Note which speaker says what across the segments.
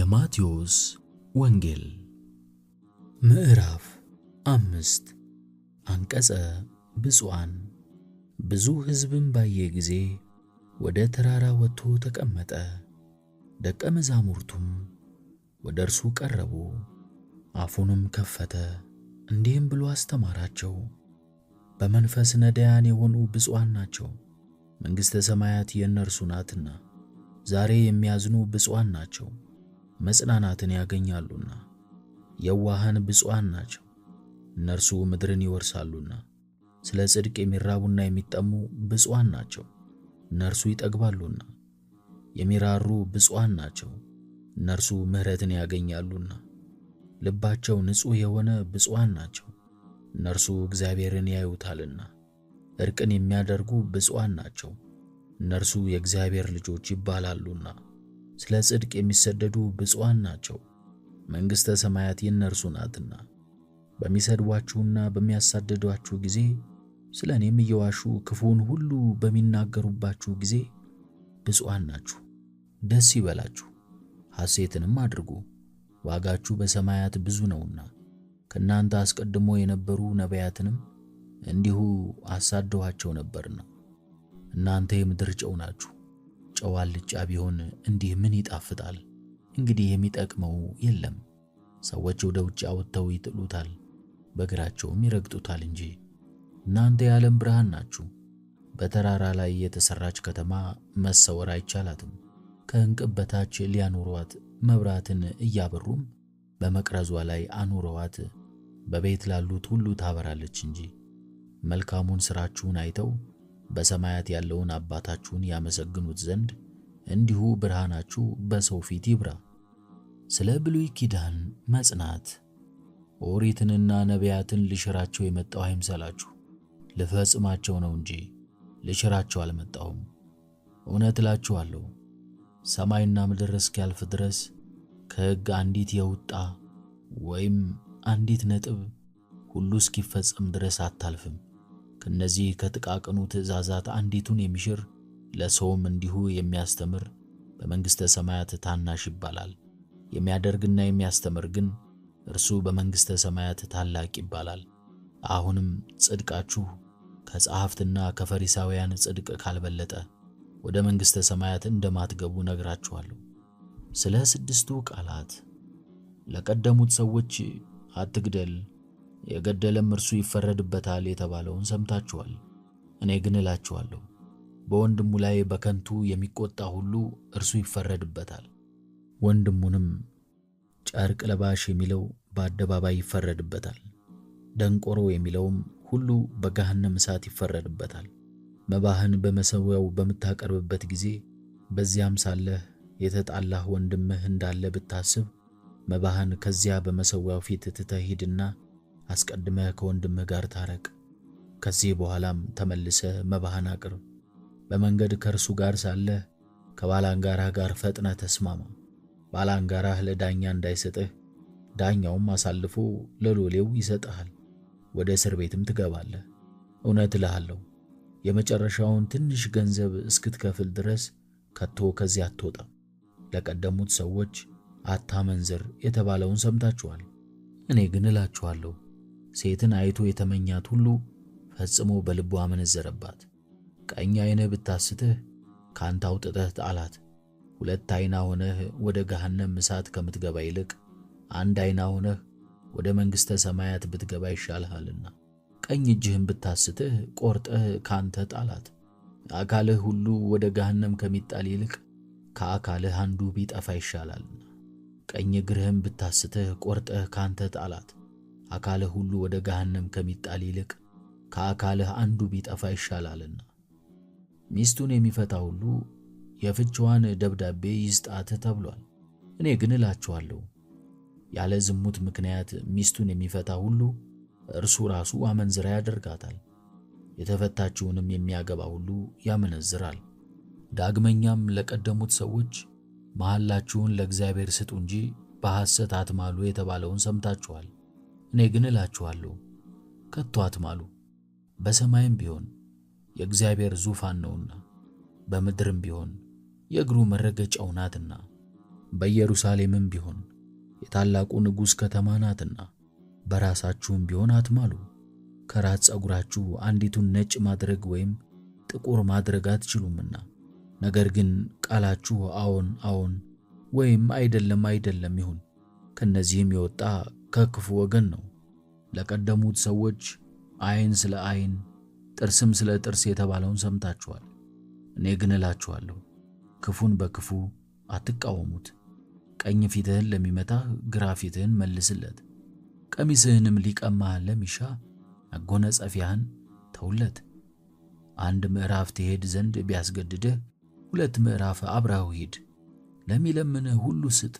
Speaker 1: የማቴዎስ ወንጌል ምዕራፍ አምስት አንቀጸ ብፁዓን ብዙ ሕዝብም ባየ ጊዜ ወደ ተራራ ወጥቶ ተቀመጠ። ደቀ መዛሙርቱም ወደ እርሱ ቀረቡ። አፉንም ከፈተ፣ እንዲህም ብሎ አስተማራቸው። በመንፈስ ነዳያን የሆኑ ብፁዓን ናቸው፣ መንግሥተ ሰማያት የእነርሱ ናትና። ዛሬ የሚያዝኑ ብፁዓን ናቸው መጽናናትን ያገኛሉና። የዋሃን ብፁዓን ናቸው እነርሱ ምድርን ይወርሳሉና። ስለ ጽድቅ የሚራቡና የሚጠሙ ብፁዓን ናቸው እነርሱ ይጠግባሉና። የሚራሩ ብፁዓን ናቸው እነርሱ ምሕረትን ያገኛሉና። ልባቸው ንጹሕ የሆነ ብፁዓን ናቸው እነርሱ እግዚአብሔርን ያዩታልና። እርቅን የሚያደርጉ ብፁዓን ናቸው እነርሱ የእግዚአብሔር ልጆች ይባላሉና። ስለ ጽድቅ የሚሰደዱ ብፁዓን ናቸው፣ መንግሥተ ሰማያት የእነርሱ ናትና። በሚሰድቧችሁና በሚያሳድዷችሁ ጊዜ ስለ እኔም እየዋሹ ክፉውን ሁሉ በሚናገሩባችሁ ጊዜ ብፁዓን ናችሁ። ደስ ይበላችሁ፣ ሐሴትንም አድርጉ፣ ዋጋችሁ በሰማያት ብዙ ነውና። ከእናንተ አስቀድሞ የነበሩ ነቢያትንም እንዲሁ አሳደዋቸው ነበርና። እናንተ የምድር ጨው ናችሁ። ጨው አልጫ ቢሆን እንዲህ ምን ይጣፍጣል? እንግዲህ የሚጠቅመው የለም። ሰዎች ወደ ውጭ አውጥተው ይጥሉታል፣ በእግራቸውም ይረግጡታል እንጂ እናንተ የዓለም ብርሃን ናችሁ። በተራራ ላይ የተሰራች ከተማ መሰወር አይቻላትም። ከእንቅብ በታች ሊያኖሯት መብራትን እያበሩም በመቅረዟ ላይ አኑረዋት በቤት ላሉት ሁሉ ታበራለች እንጂ መልካሙን ሥራችሁን አይተው በሰማያት ያለውን አባታችሁን ያመሰግኑት ዘንድ እንዲሁ ብርሃናችሁ በሰው ፊት ይብራ። ስለ ብሉይ ኪዳን መጽናት ኦሪትንና ነቢያትን ልሽራቸው የመጣው አይምሰላችሁ፣ ልፈጽማቸው ነው እንጂ ልሽራቸው አልመጣሁም። እውነት እላችኋለሁ ሰማይና ምድር እስኪያልፍ ድረስ ከሕግ አንዲት የውጣ ወይም አንዲት ነጥብ ሁሉ እስኪፈጸም ድረስ አታልፍም። ከነዚህ ከጥቃቅኑ ትእዛዛት አንዲቱን የሚሽር ለሰውም እንዲሁ የሚያስተምር በመንግሥተ ሰማያት ታናሽ ይባላል። የሚያደርግና የሚያስተምር ግን እርሱ በመንግሥተ ሰማያት ታላቅ ይባላል። አሁንም ጽድቃችሁ ከጸሐፍትና ከፈሪሳውያን ጽድቅ ካልበለጠ ወደ መንግሥተ ሰማያት እንደማትገቡ ነግራችኋለሁ። ስለ ስድስቱ ቃላት ለቀደሙት ሰዎች አትግደል የገደለም እርሱ ይፈረድበታል የተባለውን ሰምታችኋል። እኔ ግን እላችኋለሁ በወንድሙ ላይ በከንቱ የሚቆጣ ሁሉ እርሱ ይፈረድበታል። ወንድሙንም ጨርቅ ለባሽ የሚለው በአደባባይ ይፈረድበታል። ደንቆሮ የሚለውም ሁሉ በገሃነም እሳት ይፈረድበታል። መባህን በመሠዊያው በምታቀርብበት ጊዜ በዚያም ሳለህ የተጣላህ ወንድምህ እንዳለ ብታስብ መባህን ከዚያ በመሠዊያው ፊት ትተህ ሂድና አስቀድመ ከወንድም ጋር ታረቅ። ከዚህ በኋላም ተመልሰ መባህን አቅርብ። በመንገድ ከእርሱ ጋር ሳለ ከባላንጋራህ ጋር ፈጥነ ተስማማ። ባላንጋራህ ለዳኛ እንዳይሰጥህ፣ ዳኛውም አሳልፎ ለሎሌው ይሰጥሃል። ወደ እስር ቤትም ትገባለህ። እውነት እልሃለሁ የመጨረሻውን ትንሽ ገንዘብ እስክትከፍል ድረስ ከቶ ከዚህ አትወጣም። ለቀደሙት ሰዎች አታመንዝር የተባለውን ሰምታችኋል። እኔ ግን እላችኋለሁ ሴትን አይቶ የተመኛት ሁሉ ፈጽሞ በልቡ አመነዘረባት። ቀኝ ዓይንህ ብታስትህ ካንተ አውጥተህ ጣላት። ሁለት ዓይና ሆነህ ወደ ገሃነም እሳት ከምትገባ ይልቅ አንድ ዓይና ሆነህ ወደ መንግሥተ ሰማያት ብትገባ ይሻልሃልና። ቀኝ እጅህን ብታስትህ ቆርጠህ ካንተ ጣላት። አካልህ ሁሉ ወደ ገሃነም ከሚጣል ይልቅ ከአካልህ አንዱ ቢጠፋ ይሻላልና። ቀኝ እግርህን ብታስትህ ቆርጠህ ካንተ ጣላት። አካልህ ሁሉ ወደ ገሃነም ከሚጣል ይልቅ ከአካልህ አንዱ ቢጠፋ ይሻላልና። ሚስቱን የሚፈታ ሁሉ የፍችዋን ደብዳቤ ይስጣት ተብሏል። እኔ ግን እላችኋለሁ ያለ ዝሙት ምክንያት ሚስቱን የሚፈታ ሁሉ እርሱ ራሱ አመንዝራ ያደርጋታል፣ የተፈታችውንም የሚያገባ ሁሉ ያመነዝራል። ዳግመኛም ለቀደሙት ሰዎች መሐላችሁን ለእግዚአብሔር ስጡ እንጂ በሐሰት አትማሉ የተባለውን ሰምታችኋል። እኔ ግን እላችኋለሁ ከቶ አትማሉ። በሰማይም ቢሆን የእግዚአብሔር ዙፋን ነውና፣ በምድርም ቢሆን የእግሩ መረገጫው ናትና፣ በኢየሩሳሌምም ቢሆን የታላቁ ንጉሥ ከተማ ናትና፣ በራሳችሁም ቢሆን አትማሉ። ከራስ ጸጉራችሁ አንዲቱን ነጭ ማድረግ ወይም ጥቁር ማድረግ አትችሉምና፣ ነገር ግን ቃላችሁ አዎን አዎን ወይም አይደለም አይደለም ይሁን። ከነዚህም የወጣ ከክፉ ወገን ነው። ለቀደሙት ሰዎች አይን ስለ አይን ጥርስም ስለ ጥርስ የተባለውን ሰምታችኋል። እኔ ግን እላችኋለሁ ክፉን በክፉ አትቃወሙት። ቀኝ ፊትህን ለሚመታህ ግራ ፊትህን መልስለት። ቀሚስህንም ሊቀማ ለሚሻ አጎነጸፊያን ተውለት። አንድ ምዕራፍ ትሄድ ዘንድ ቢያስገድድህ ሁለት ምዕራፍ አብረኸው ሂድ። ለሚለምንህ ሁሉ ስጥ።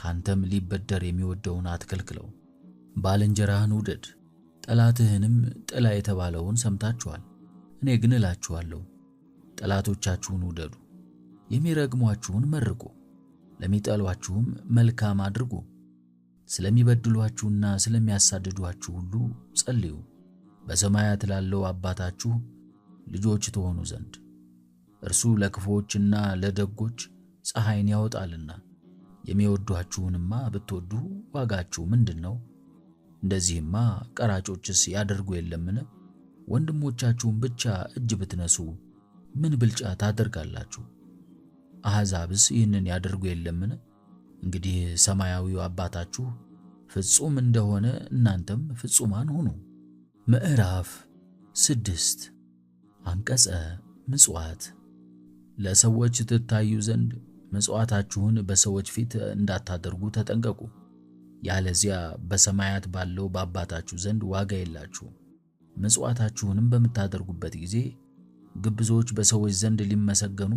Speaker 1: ካንተም ሊበደር የሚወደውን አትከልክለው። ባልንጀራህን ውደድ፣ ጠላትህንም ጥላ የተባለውን ሰምታችኋል። እኔ ግን እላችኋለሁ ጠላቶቻችሁን ውደዱ፣ የሚረግሟችሁን መርቁ፣ ለሚጠሏችሁም መልካም አድርጉ፣ ስለሚበድሏችሁና ስለሚያሳድዷችሁ ሁሉ ጸልዩ፣ በሰማያት ላለው አባታችሁ ልጆች ትሆኑ ዘንድ እርሱ ለክፉዎችና ለደጎች ፀሐይን ያወጣልና። የሚወዷችሁንማ ብትወዱ ዋጋችሁ ምንድን ነው? እንደዚህማ ቀራጮችስ ያደርጉ የለምን? ወንድሞቻችሁን ብቻ እጅ ብትነሱ ምን ብልጫ ታደርጋላችሁ? አሕዛብስ ይህንን ያደርጉ የለምን? እንግዲህ ሰማያዊው አባታችሁ ፍጹም እንደሆነ እናንተም ፍጹማን ሁኑ። ምዕራፍ ስድስት አንቀጸ ምጽዋት ለሰዎች ትታዩ ዘንድ መጽዋታችሁን በሰዎች ፊት እንዳታደርጉ ተጠንቀቁ፣ ያለዚያ በሰማያት ባለው በአባታችሁ ዘንድ ዋጋ የላችሁም። መጽዋታችሁንም በምታደርጉበት ጊዜ ግብዞች በሰዎች ዘንድ ሊመሰገኑ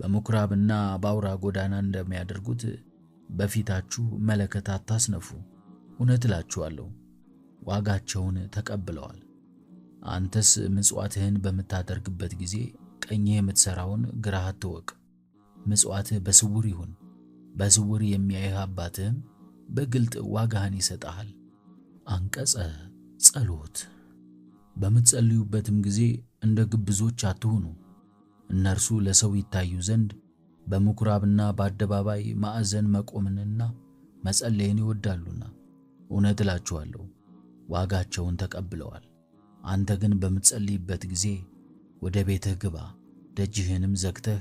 Speaker 1: በምኩራብና በአውራ ጎዳና እንደሚያደርጉት በፊታችሁ መለከት አታስነፉ። እውነት እላችኋለሁ ዋጋቸውን ተቀብለዋል። አንተስ ምጽዋትህን በምታደርግበት ጊዜ ቀኝህ የምትሠራውን ግራህ አትወቅ። ምጽዋትህ በስውር ይሁን፣ በስውር የሚያይህ አባትህም በግልጥ ዋጋህን ይሰጣል። አንቀጸ ጸሎት። በምትጸልዩበትም ጊዜ እንደ ግብዞች አትሁኑ። እነርሱ ለሰው ይታዩ ዘንድ በምኩራብና በአደባባይ ማዕዘን መቆምንና መጸለይን ይወዳሉና፣ እውነት እላችኋለሁ ዋጋቸውን ተቀብለዋል። አንተ ግን በምትጸልይበት ጊዜ ወደ ቤትህ ግባ፣ ደጅህንም ዘግተህ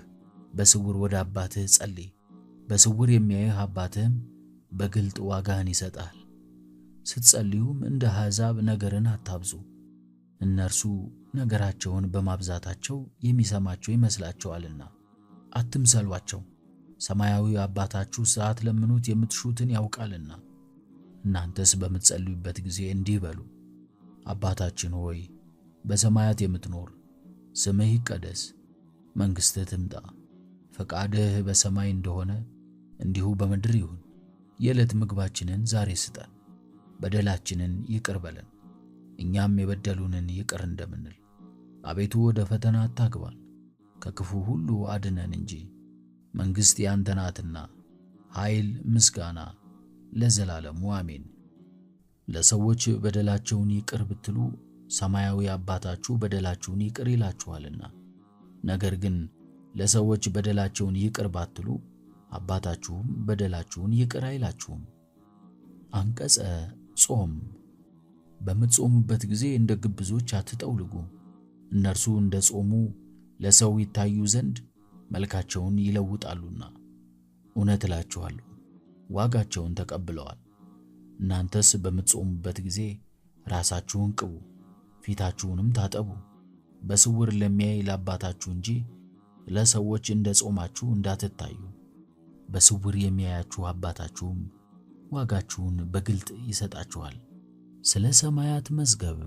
Speaker 1: በስውር ወደ አባትህ ጸልይ፣ በስውር የሚያይህ አባትህም በግልጥ ዋጋህን ይሰጣል። ስትጸልዩም እንደ አሕዛብ ነገርን አታብዙ። እነርሱ ነገራቸውን በማብዛታቸው የሚሰማቸው ይመስላቸዋልና አትምሰሏቸው። ሰማያዊ አባታችሁ ሰዓት ለምኑት የምትሹትን ያውቃልና። እናንተስ በምትጸልዩበት ጊዜ እንዲህ በሉ፣ አባታችን ሆይ በሰማያት የምትኖር ስምህ ይቀደስ፣ መንግሥትህ ትምጣ ፈቃድህ በሰማይ እንደሆነ እንዲሁ በምድር ይሁን። የዕለት ምግባችንን ዛሬ ስጠን። በደላችንን ይቅር በለን እኛም የበደሉንን ይቅር እንደምንል። አቤቱ ወደ ፈተና አታግባን፣ ከክፉ ሁሉ አድነን እንጂ መንግሥት ያንተ ናትና ኃይል፣ ምስጋና ለዘላለሙ አሜን። ለሰዎች በደላቸውን ይቅር ብትሉ ሰማያዊ አባታችሁ በደላችሁን ይቅር ይላችኋልና ነገር ግን ለሰዎች በደላቸውን ይቅር ባትሉ አባታችሁም በደላችሁን ይቅር አይላችሁም። አንቀጸ ጾም በምትጾሙበት ጊዜ እንደ ግብዞች አትጠውልጉ። እነርሱ እንደ ጾሙ ለሰው ይታዩ ዘንድ መልካቸውን ይለውጣሉና፣ እውነት እላችኋለሁ ዋጋቸውን ተቀብለዋል። እናንተስ በምትጾሙበት ጊዜ ራሳችሁን ቅቡ፣ ፊታችሁንም ታጠቡ፣ በስውር ለሚያይ ለአባታችሁ እንጂ ለሰዎች እንደ ጾማችሁ እንዳትታዩ በስውር የሚያያችሁ አባታችሁም ዋጋችሁን በግልጥ ይሰጣችኋል። ስለ ሰማያት መዝገብ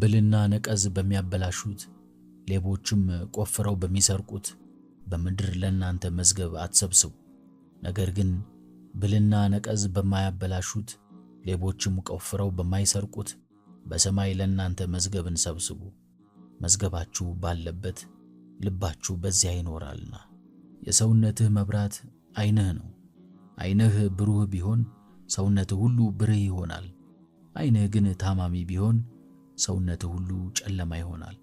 Speaker 1: ብልና ነቀዝ በሚያበላሹት ሌቦችም ቆፍረው በሚሰርቁት በምድር ለእናንተ መዝገብ አትሰብስቡ። ነገር ግን ብልና ነቀዝ በማያበላሹት ሌቦችም ቆፍረው በማይሰርቁት በሰማይ ለእናንተ መዝገብን ሰብስቡ። መዝገባችሁ ባለበት ልባችሁ በዚያ ይኖራልና። የሰውነትህ መብራት ዓይንህ ነው። ዓይንህ ብሩህ ቢሆን ሰውነትህ ሁሉ ብርህ ይሆናል። ዓይንህ ግን ታማሚ ቢሆን ሰውነትህ ሁሉ ጨለማ ይሆናል።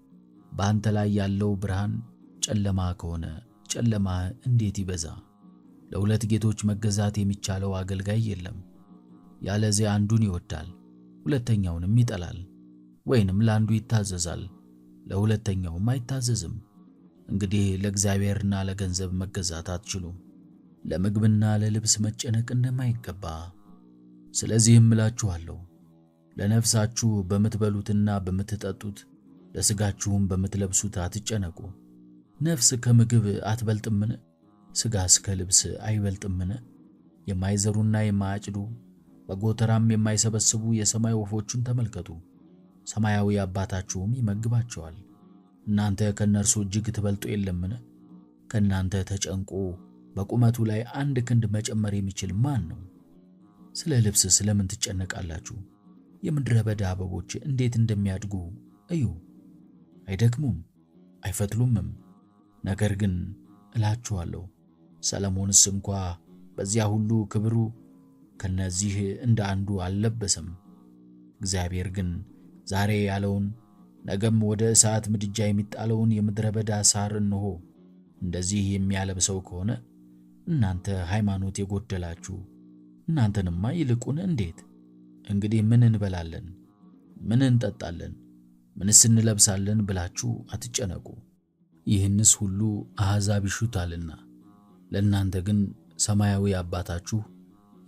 Speaker 1: በአንተ ላይ ያለው ብርሃን ጨለማ ከሆነ ጨለማ እንዴት ይበዛ! ለሁለት ጌቶች መገዛት የሚቻለው አገልጋይ የለም። ያለዚያ አንዱን ይወዳል፣ ሁለተኛውንም ይጠላል፣ ወይንም ለአንዱ ይታዘዛል፣ ለሁለተኛውም አይታዘዝም። እንግዲህ ለእግዚአብሔርና ለገንዘብ መገዛት አትችሉም፣ ለምግብና ለልብስ መጨነቅ እንደማይገባ። ስለዚህም እላችኋለሁ ለነፍሳችሁ በምትበሉትና በምትጠጡት ለሥጋችሁም በምትለብሱት አትጨነቁ። ነፍስ ከምግብ አትበልጥምን? ሥጋስ ከልብስ አይበልጥምን? የማይዘሩና የማያጭዱ በጎተራም የማይሰበስቡ የሰማይ ወፎቹን ተመልከቱ፤ ሰማያዊ አባታችሁም ይመግባቸዋል። እናንተ ከእነርሱ እጅግ ትበልጡ የለምን? ከእናንተ ተጨንቆ በቁመቱ ላይ አንድ ክንድ መጨመር የሚችል ማን ነው? ስለ ልብስ ስለምን ትጨነቃላችሁ? የምድረ በዳ አበቦች እንዴት እንደሚያድጉ እዩ። አይደክሙም፣ አይፈትሉምም። ነገር ግን እላችኋለሁ ሰለሞንስ እንኳ በዚያ ሁሉ ክብሩ ከነዚህ እንደ አንዱ አልለበሰም። እግዚአብሔር ግን ዛሬ ያለውን ነገም ወደ እሳት ምድጃ የሚጣለውን የምድረ በዳ ሳር እንሆ እንደዚህ የሚያለብሰው ከሆነ እናንተ ሃይማኖት የጎደላችሁ እናንተንማ ይልቁን እንዴት እንግዲህ ምን እንበላለን፣ ምን እንጠጣለን፣ ምንስ እንለብሳለን ብላችሁ አትጨነቁ። ይህንስ ሁሉ አሕዛብ ይሹታልና ለእናንተ ግን ሰማያዊ አባታችሁ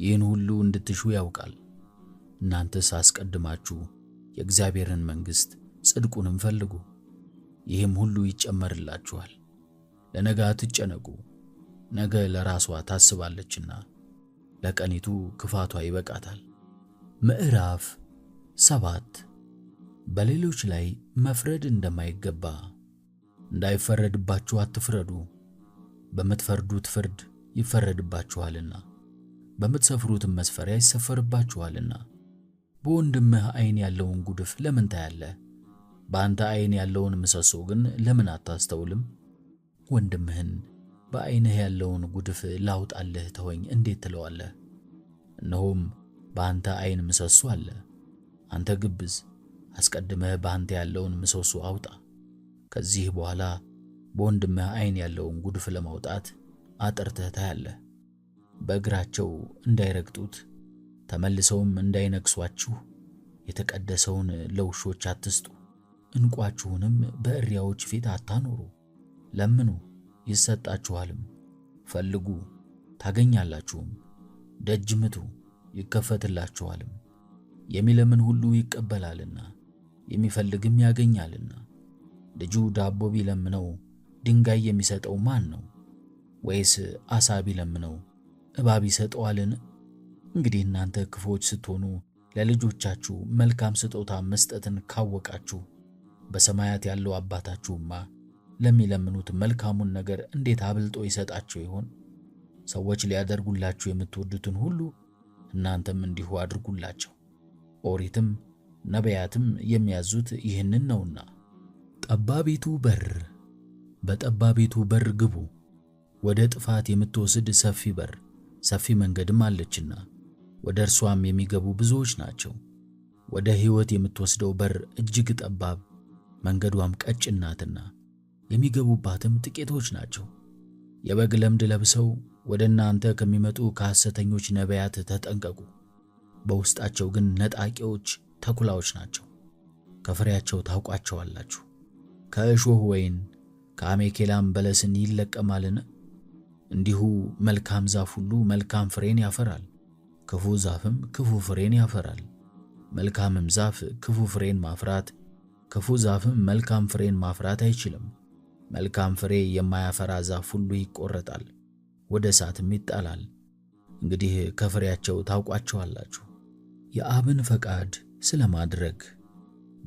Speaker 1: ይህን ሁሉ እንድትሹ ያውቃል። እናንተስ አስቀድማችሁ የእግዚአብሔርን መንግሥት ጽድቁንም ፈልጉ፣ ይህም ሁሉ ይጨመርላችኋል። ለነገ አትጨነቁ፣ ነገ ለራሷ ታስባለችና ለቀኒቱ ክፋቷ ይበቃታል። ምዕራፍ ሰባት በሌሎች ላይ መፍረድ እንደማይገባ እንዳይፈረድባችሁ አትፍረዱ፣ በምትፈርዱት ፍርድ ይፈረድባችኋልና በምትሰፍሩትም መስፈሪያ ይሰፈርባችኋልና። በወንድምህ አይን ያለውን ጉድፍ ለምን ታያለህ? በአንተ አይን ያለውን ምሰሶ ግን ለምን አታስተውልም? ወንድምህን በአይንህ ያለውን ጉድፍ ላውጣልህ ተወኝ እንዴት ትለዋለህ? እነሆም በአንተ አይን ምሰሶ አለ። አንተ ግብዝ፣ አስቀድመህ በአንተ ያለውን ምሰሶ አውጣ። ከዚህ በኋላ በወንድምህ አይን ያለውን ጉድፍ ለማውጣት አጥርተህ ታያለህ። በእግራቸው እንዳይረግጡት ተመልሰውም እንዳይነክሷችሁ የተቀደሰውን ለውሾች አትስጡ። እንቋችሁንም በእሪያዎች ፊት አታኖሩ። ለምኑ ይሰጣችኋልም፣ ፈልጉ ታገኛላችሁም፣ ደጅ ምቱ ይከፈትላችኋልም። የሚለምን ሁሉ ይቀበላልና የሚፈልግም ያገኛልና። ልጁ ዳቦ ቢለምነው ድንጋይ የሚሰጠው ማን ነው? ወይስ አሳ ቢለምነው እባብ ይሰጠዋልን? እንግዲህ እናንተ ክፉዎች ስትሆኑ ለልጆቻችሁ መልካም ስጦታ መስጠትን ካወቃችሁ በሰማያት ያለው አባታችሁማ ለሚለምኑት መልካሙን ነገር እንዴት አብልጦ ይሰጣቸው ይሆን? ሰዎች ሊያደርጉላችሁ የምትወዱትን ሁሉ እናንተም እንዲሁ አድርጉላቸው። ኦሪትም ነቢያትም የሚያዙት ይህንን ነውና። ጠባቢቱ በር በጠባቢቱ በር ግቡ፣ ወደ ጥፋት የምትወስድ ሰፊ በር ሰፊ መንገድም አለችና ወደ እርሷም የሚገቡ ብዙዎች ናቸው። ወደ ሕይወት የምትወስደው በር እጅግ ጠባብ መንገዷም ቀጭን ናትና የሚገቡባትም ጥቂቶች ናቸው። የበግ ለምድ ለብሰው ወደ እናንተ ከሚመጡ ከሐሰተኞች ነቢያት ተጠንቀቁ። በውስጣቸው ግን ነጣቂዎች ተኩላዎች ናቸው። ከፍሬያቸው ታውቋቸዋላችሁ። ከእሾህ ወይን ከአሜኬላም በለስን ይለቀማልን? እንዲሁ መልካም ዛፍ ሁሉ መልካም ፍሬን ያፈራል፣ ክፉ ዛፍም ክፉ ፍሬን ያፈራል። መልካምም ዛፍ ክፉ ፍሬን ማፍራት ክፉ ዛፍም መልካም ፍሬን ማፍራት አይችልም። መልካም ፍሬ የማያፈራ ዛፍ ሁሉ ይቆረጣል፣ ወደ እሳትም ይጣላል። እንግዲህ ከፍሬያቸው ታውቋቸዋላችሁ። የአብን ፈቃድ ስለማድረግ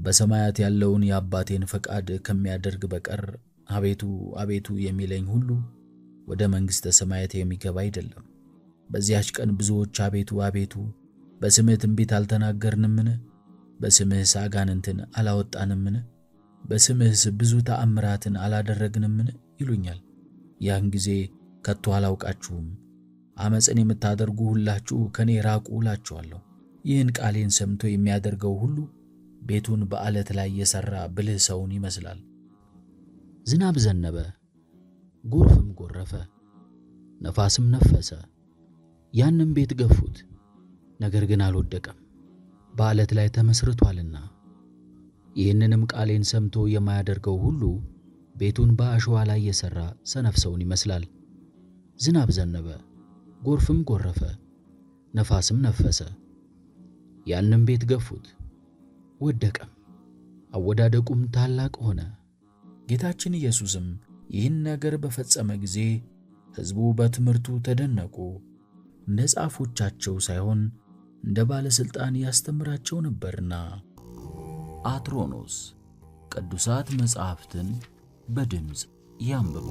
Speaker 1: በሰማያት ያለውን የአባቴን ፈቃድ ከሚያደርግ በቀር አቤቱ አቤቱ የሚለኝ ሁሉ ወደ መንግሥተ ሰማያት የሚገባ አይደለም። በዚያች ቀን ብዙዎች አቤቱ አቤቱ በስምህ ትንቢት አልተናገርንምን? በስምህስ አጋንንትን አላወጣንምን? በስምህስ ብዙ ተአምራትን አላደረግንምን? ይሉኛል። ያን ጊዜ ከቶ አላውቃችሁም፣ ዓመፅን የምታደርጉ ሁላችሁ ከእኔ ራቁ እላችኋለሁ። ይህን ቃሌን ሰምቶ የሚያደርገው ሁሉ ቤቱን በዓለት ላይ የሠራ ብልህ ሰውን ይመስላል። ዝናብ ዘነበ፣ ጎርፍም ጎረፈ፣ ነፋስም ነፈሰ፣ ያንም ቤት ገፉት፣ ነገር ግን አልወደቀም። በዓለት ላይ ተመስርቷልና። ይህንንም ቃሌን ሰምቶ የማያደርገው ሁሉ ቤቱን በአሸዋ ላይ የሠራ ሰነፍ ሰውን ይመስላል። ዝናብ ዘነበ፣ ጎርፍም ጎረፈ፣ ነፋስም ነፈሰ። ያንም ቤት ገፉት፣ ወደቀም፣ አወዳደቁም ታላቅ ሆነ። ጌታችን ኢየሱስም ይህን ነገር በፈጸመ ጊዜ ሕዝቡ በትምህርቱ ተደነቁ፣ እንደ ጻፎቻቸው ሳይሆን እንደ ባለሥልጣን ያስተምራቸው ነበርና። አትሮኖስ ቅዱሳት መጻሕፍትን በድምፅ ያንብቡ።